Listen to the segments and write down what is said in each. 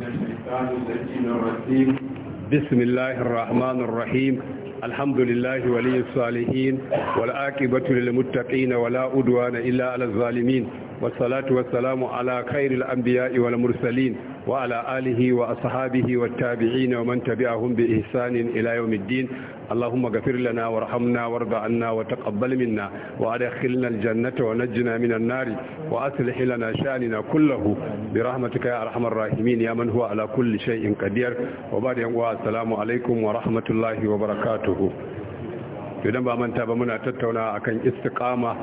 من الشيطان الرجيم الرجيم بسم الله الرحمن الرحيم الحمد لله ولي الصالحين والآكبة للمتقين ولا أدوان إلا على الظالمين والصلاة والسلام على خير الأنبياء والمرسلين وعلى آله وأصحابه والتابعين ومن تبعهم بإحسان إلى يوم الدين اللهم اغفر لنا وارحمنا وارض عنا وتقبل منا وادخلنا الجنة ونجنا من النار وأصلح لنا شأننا كله برحمتك يا أرحم الراحمين يا من هو على كل شيء قدير وبعد السلام عليكم ورحمة الله وبركاته idan ba manta ba muna tattauna akan istiqama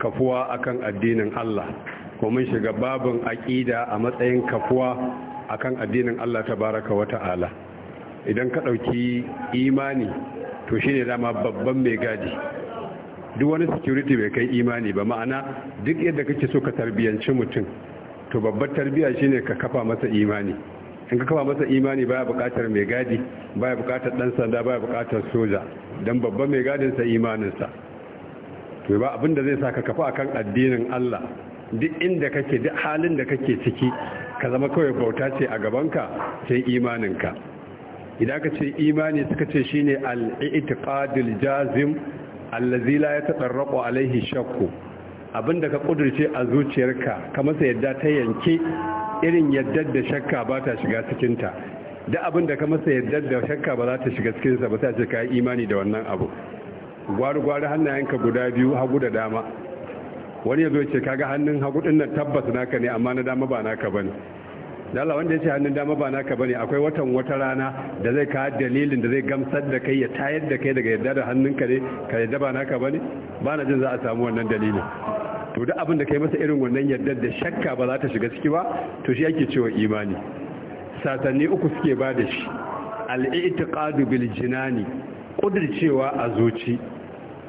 kafuwa akan addinin Allah ko mun shiga babin aqida a matsayin kafuwa akan addinin Allah tabaraka wa ta'ala idan ka ɗauki imani to shine dama babban mai gadi duk wani security bai kai imani ba ma'ana duk yadda kake so ka tarbiyanci mutum to babbar tarbiya shine ka kafa masa imani in ka kafa masa imani baya bukatar mai gadi baya bukatar dan sanda baya bukatar soja dan babban mai gadin sa imanin sa to ba abin da zai saka kafa akan addinin Allah duk inda kake duk halin da kake ciki ka zama kawai bauta ce a gabanka sai imaninka idan ka ce imani suka ce shine al-i'tiqadul jazim allazi la yatatarraqu alaihi shakku abinda ka ƙudurce a zuciyarka ka masa yadda ta yanke irin yadda da shakka ba ta shiga cikin da abinda ka masa yadda da shakka ba za ta shiga cikinsa ba ta ce ka yi imani da wannan abu gwari gwari hannayenka guda biyu hagu da dama wani ya zo ce kaga hannun hagu din nan tabbas naka ne amma na dama ba naka bane da Allah wanda ya ce hannun dama ba naka bane akwai watan wata rana da zai ka dalilin da zai gamsar da kai ya tayar da kai daga yadda da hannunka ne ka yadda ba naka bane ba na jin za a samu wannan dalilin to duk abin da kai masa irin wannan yadda da shakka ba za ta shiga ciki ba to shi ake cewa imani satanni uku suke ba da shi al-i'tiqadu bil jinani kudircewa a zuci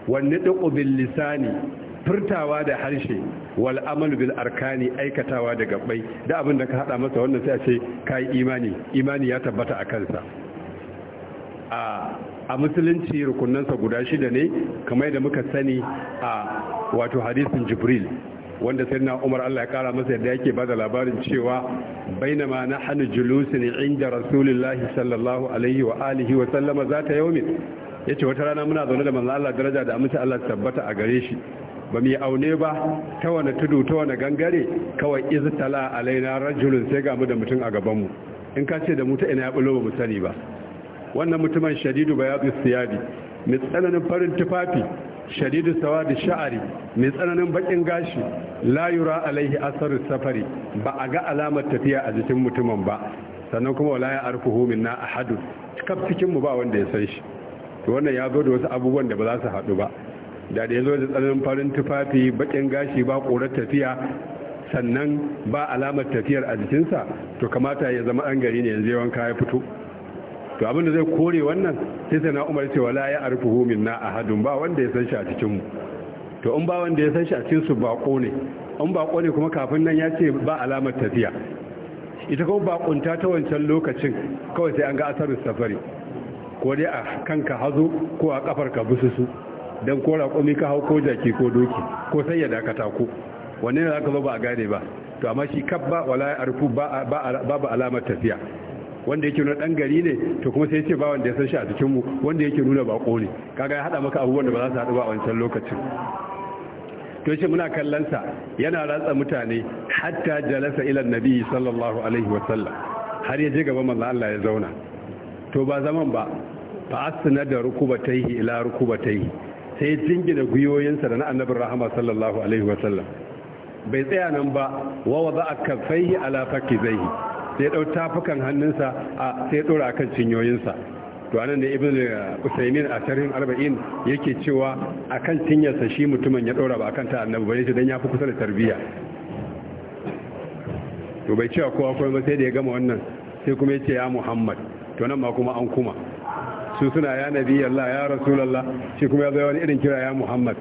wanne duk bil lisani furtawa da harshe wal amalu bil arkani aikatawa da gabbai da abin da ka hada masa wannan sai a ce kai imani imani ya tabbata a kansa a a musulunci rukunansa guda shida ne kamar yadda muka sani a wato hadisin jibril wanda sai na umar allah ya kara masa yadda yake bada labarin cewa bainama na hannu julusin inda rasulullahi sallallahu alaihi wa alihi wa sallama za ta yaumin ya ce wata rana muna zaune da manzan allah daraja da amince allah tabbata a gare shi ba mu aune ba ta wani tudu ta wani gangare kawai iztala alaina rajulun sai ga mu da mutum a gabanmu in ka ce da mutu ina ya bulo ba mu sani ba wannan mutumin shadidu ba ya bi siyabi mai tsananin farin tufafi shadidu da sha'ari mai tsananin bakin gashi layura alaihi asar safari ba a ga alamar tafiya a jikin mutumin ba sannan kuma wala ya arfuhu na ahadu kaf cikin mu ba wanda ya san shi to wannan ya zo da wasu abubuwan da ba za su haɗu ba da da ya zo da tsananin farin tufafi bakin gashi ba ƙorar tafiya sannan ba alamar tafiyar a jikinsa to kamata ya zama an gari ne yanzu yawan kaya fito to abin da zai kore wannan sai sai na umar cewa la ya arfuhu na ahadun ba wanda ya san shi a cikin mu to in ba wanda ya san shi a cikin su bako ne in ba ne kuma kafin nan ya ce ba alamar tafiya ita kuma bakunta ta wancan lokacin kawai sai an ga asarin safari ko dai a kanka hazo ko a bisu bususu don ko raƙumi ka hau ko jaki ko doki ko sai ya dakata ko wanne ne zaka zo ba a gane ba to amma shi kabba wala ya arfu ba babu alamar tafiya wanda yake nuna dan gari ne to kuma sai ya ce ba wanda ya san shi a cikin mu wanda yake nuna ko ne kaga ya hada maka abubuwan da ba za su hadu ba a wancan lokacin to shi muna kallon sa yana ratsa mutane hatta jalasa ila nabi sallallahu alaihi wa sallam har ya je gaban manzo Allah ya zauna to ba zaman ba fa asna da rukubatayhi ila rukubatayhi sai jingina guyoyinsa da na annabin rahama sallallahu alaihi wasallam bai tsaya nan ba wawa za a kafaihi ala fakki zai sai ɗau tafukan hannunsa a sai ɗora a kan cinyoyinsa to anan da ibn usaimin a sharhin arba'in yake cewa a kan cinyarsa shi mutumin ya ɗora ba a kan ta annabi ba yace don ya fi kusa da tarbiyya to bai cewa kowa kuma sai da ya gama wannan sai kuma ya ce ya muhammad to nan ma kuma an kuma su suna ya nabi Allah ya rasulallah shi kuma ya zai wani irin kira ya Muhammad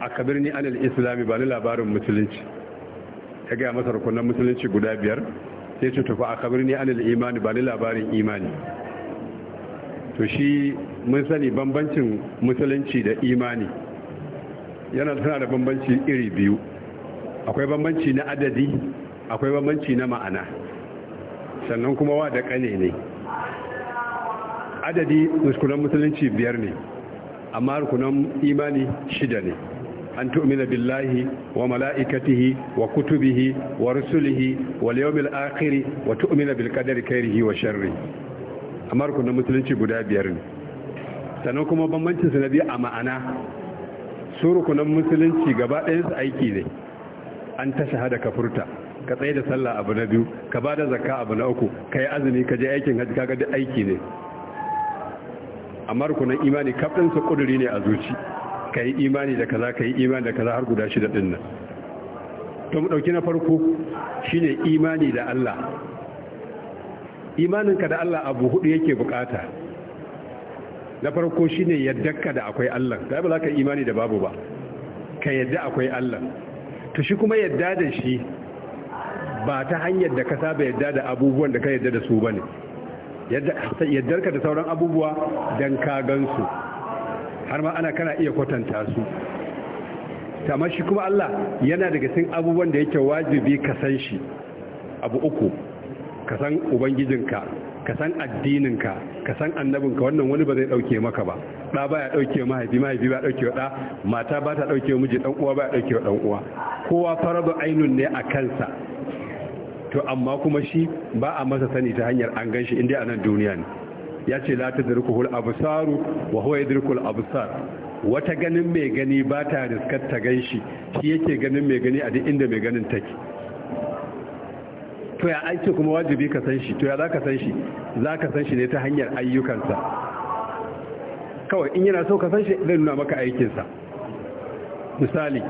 a kabirni anil islami ba ni labarin musulunci ya gaya masa rukunan musulunci guda biyar sai ce tufa a kabirni anil imani ba ni labarin imani to shi mun sani bambancin musulunci da imani yana suna da bambanci iri biyu akwai bambanci na adadi akwai bambanci na ma'ana sannan kuma wa da kane ne adadi rukunan musulunci biyar ne amma rukunan imani shida ne an tu'mina billahi wa mala'ikatihi wa kutubihi wa rusulihi wa yawmil akhir wa tu'mina bil qadari khairihi wa sharri amma rukunan musulunci guda biyar ne sannan kuma bambancin su na biyu a ma'ana su rukunan musulunci gaba ɗayan su aiki ne an ta shahada ka furta ka tsaye da sallah abu na biyu ka ba da zakka abu na uku ka yi azumi ka je aikin hajji kaga duk aiki ne amma rukunan imani kafin su kuduri ne a zuci ka yi imani da kaza ka yi imani da kaza har guda shida din nan to mu dauki na farko shine imani da Allah imaninka da Allah abu hudu yake bukata na farko shine yaddarka da akwai Allah da ba za ka imani da babu ba ka yadda akwai Allah to shi kuma yadda da shi ba ta hanyar da ka saba yadda da abubuwan da ka yadda da su bane yaddarka da sauran abubuwa don ka gansu har ma ana kana iya kwatanta su amma shi kuma Allah yana daga sun abubuwan da yake wajibi ka san shi abu uku ka san ubangijinka ka san addininka ka san annabinka wannan wani ba zai dauke maka ba ba baya dauke mahaifi mahaifi ba dauke ɗa mata ba ta dauke miji ɗan uwa ba ya dauke ɗan uwa kowa faradu ainun ne a kansa to amma kuma shi ba a masa sani ta hanyar an ganshi inda a nan duniya ne ya ce la tadrikuhu al-absaru wa huwa yadriku al-absar wata ganin mai gani ba ta riskar ta ganshi shi yake ganin mai gani a duk inda mai ganin take to ya aiki kuma wajibi ka san shi to ya zaka san shi zaka san shi ne ta hanyar ayyukansa kawai in yana so ka san shi zai nuna maka aikinsa misali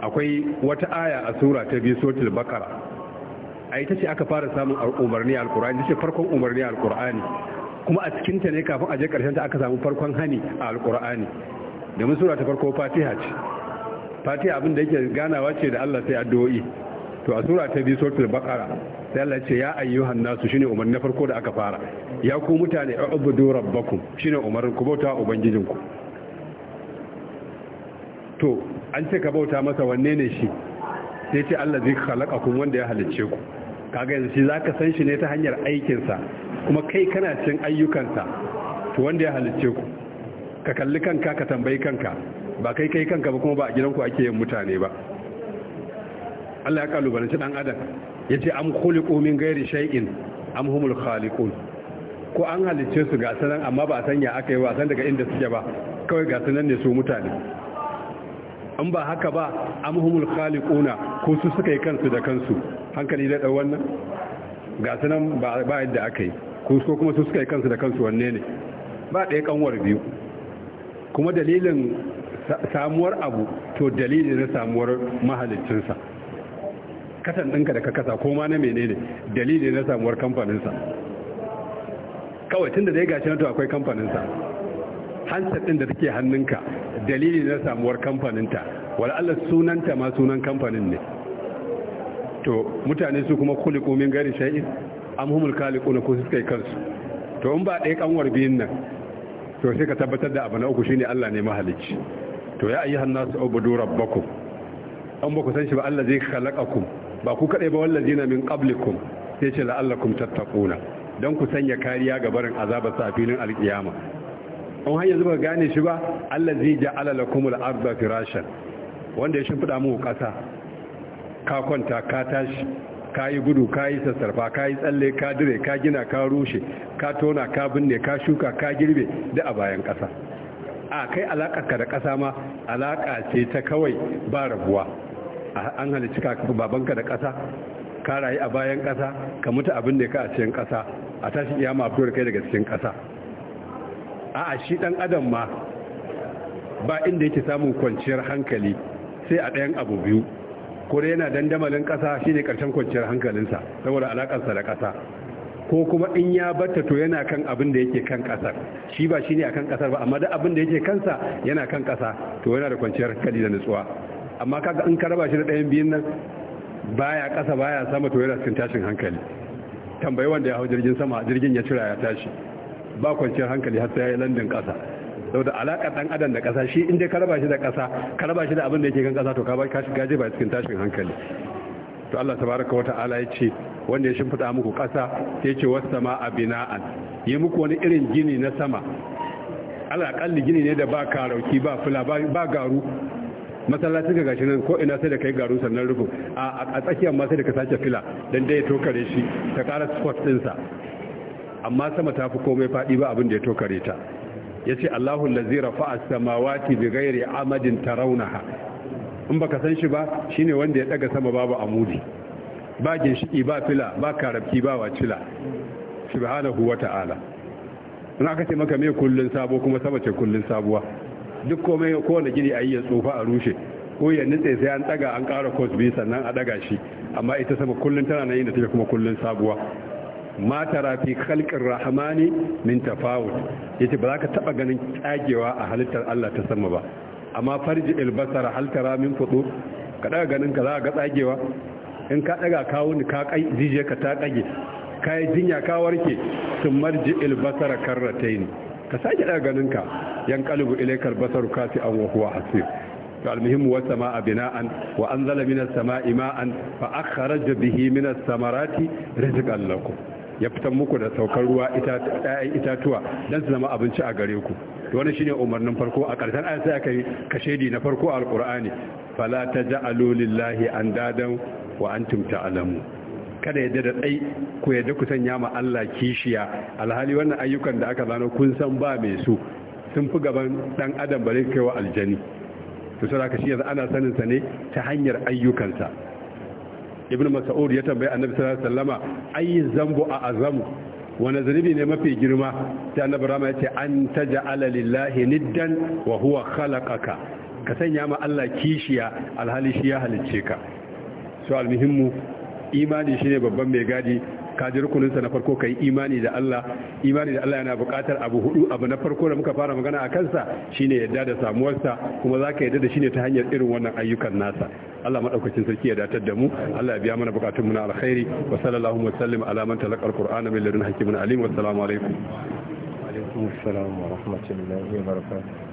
akwai wata aya a sura ta biyu suratul baqara a ita ce aka fara samun umarni alkur'ani ita ce farkon umarni alkur'ani kuma a cikinta ne kafin a je karshen ta aka samu farkon hani a alkur'ani domin sura ta farko fatiha ce fatiha abin da yake ganawa ce da Allah sai addu'o'i to a sura ta biyu suratul baqara sai Allah ce ya ayyuhan nasu shine umarni na farko da aka fara ya ku mutane ubudu rabbakum shine umarni ku bauta ubangijinku to an ce ka bauta masa wanne ne shi sai ce Allah zai khalaqakum wanda ya halicce ku kaga yanzu shi zaka san shi ne ta hanyar aikinsa kuma kai kana cin ayyukansa to wanda ya halicce ku ka kalli kanka ka tambayi kanka ba kai kai kanka ba kuma ba a gidanku ake yin mutane ba Allah ya kalubalanci dan adam yace am khuliqu min ghairi shay'in am humul khaliqun ko an halicce su ga sanan amma ba a sanya aka yi ba san daga inda suke ba kawai ga sanan ne su mutane an ba haka ba amhumul khaliquna ko su suka yi kansu da kansu hankali da ɗau wannan ga su nan ba yadda aka yi ko kuma su suka yi kansu da kansu wanne ne ba ɗaya kanwar biyu kuma dalilin samuwar abu to dalilin na samuwar mahalicinsa kasan ɗinka da ka kasa ko ma na menene dalilin na samuwar kamfaninsa kawai tun da zai gashi na to akwai kamfaninsa hansar ɗin da take hannunka dalilin na samuwar kamfaninta Allah sunanta ma sunan kamfanin ne to mutane su kuma kuliku min gari shay'in am humul khaliqun ko suka yi kansu to in ba ɗaya kanwar biyun nan to sai ka tabbatar da abu na uku shine Allah ne mahalicci to ya ayyuhan nasu ubudu rabbakum an ba ku san shi ba Allah zai khalaqakum ba ku kadai ba wallazina min qablikum sai ce la'allakum tattaquna dan ku sanya kariya ga barin azabar sa filin alkiyama an har zuba gane shi ba Allah zai ja'ala lakumul arda firashan wanda ya shimfida muku kasa ka kwanta ka tashi ka yi gudu ka yi sassarfa ka yi tsalle ka dire ka gina ka rushe ka tona ka binne ka shuka ka girbe da a bayan ƙasa a kai ka da ƙasa ma alaƙa ce ta kawai ba rabuwa an halicci babanka da ƙasa ka rayu a bayan ƙasa ka mutu abin da ka a cikin ƙasa a tashi iyama ma fitowar kai daga cikin ƙasa a a shi ɗan adam ma ba inda yake samun kwanciyar hankali sai a ɗayan abu biyu ko dai yana dandamalin ƙasa shine ƙarshen kwanciyar hankalinsa saboda alaƙarsa da ƙasa ko kuma in ya batta to yana kan abin da yake kan ƙasar shi ba shine akan ƙasar ba amma da abin da yake kansa yana kan ƙasa to yana da kwanciyar hankali da nutsuwa amma kaga in ka raba shi da ɗayan biyun nan baya ƙasa baya sama to yana cikin tashin hankali tambayi wanda ya hau jirgin sama jirgin ya cira ya tashi ba kwanciyar hankali har sai ya yi landin ƙasa saboda alaƙa dan adam da kasa shi inda ka raba shi da kasa ka raba shi da abin da yake kan kasa to ka ba shi gaje ba cikin tashin hankali to Allah tabaraka wa ta'ala ya ce wanda ya shimfida muku kasa ya ce wasu sama a bina'an yi muku wani irin gini na sama alaƙalli gini ne da ba karauki ba fula ba garu masallacin ga gashi nan ko ina sai da kai garu sannan rufin a tsakiyar ma sai da ka sace fila don dai ya tokare shi ta ƙara sport ɗinsa amma sama ta fi komai faɗi ba abin da ya tokare ta Ya ce Allahu allazi rafa'a as-samawati bighairi amadin taraunaha in baka san shi ba shine wanda ya daga sama babu amudi ba ginshiki ba fila ba karabki ba wacila subhanahu ta’ala in aka ce maka mai kullun sabo kuma sama ce kullun sabuwa duk komai kowane gini a yi ya tsufa a rushe ko ya nitse sai an daga an ƙara kos sannan a daga shi amma ita sama kullun tana na yi da tafi kuma kullun sabuwa ma tara fi khalqir rahmani min tafawut yace ba za ka taba ganin tsagewa a halittar Allah ta sama ba amma farji albasara hal tara min fudu ka daga ganin ka za ga tsagewa in ka daga kawo ni ka kai jije ka ta kage kai jinya ka warke sun marji albasara karrataini ka sake daga ganin ka yan qalbu ilaykal basaru kasi an wa huwa hasir فالمهم والسماء بناء وأنزل من السماء ماء فأخرج به من الثمرات رزقا لكم ya fitar muku da saukar ruwa ɗayan itatuwa don su zama abinci a gare ku wani shine umarnin farko a ƙarshen ayat sai aka yi kashedi na farko a alƙur'ani fala ta ja'alu lillahi an dadan wa antum ta'lamu kada yadda da tsai ku yadda ku sanya ma Allah kishiya alhali wannan ayyukan da aka zano kun san ba mai su sun fi gaban dan adam bare kaiwa aljani to sai aka shi yanzu ana sanin sa ne ta hanyar ayyukansa ibn mas'ud ya tambayi annabi sallallahu alaihi wasallama ayi zambu a azamu wani zunubi ne mafi girma ta annabi rama ya ce an taja'ala lillahi niddan wa huwa khalaqaka ka sanya ma Allah kishiya alhali shi ya halicce ka so almuhimmu imani shine babban mai gadi ka ji rukuninsa na farko kai imani da Allah imani da Allah yana buƙatar abu hudu abu na farko da muka fara magana a kansa shine yadda da samuwarsa kuma za ka yadda da shine ta hanyar irin wannan ayyukan nasa Allah madaukakin sarki ya datar da mu Allah ya biya mana bukatun mu na alkhairi wa sallallahu wa sallim ala man talaqa alqur'ana min ladun hakimin alim wa assalamu alaikum wa alaikum assalam wa rahmatullahi wa barakatuh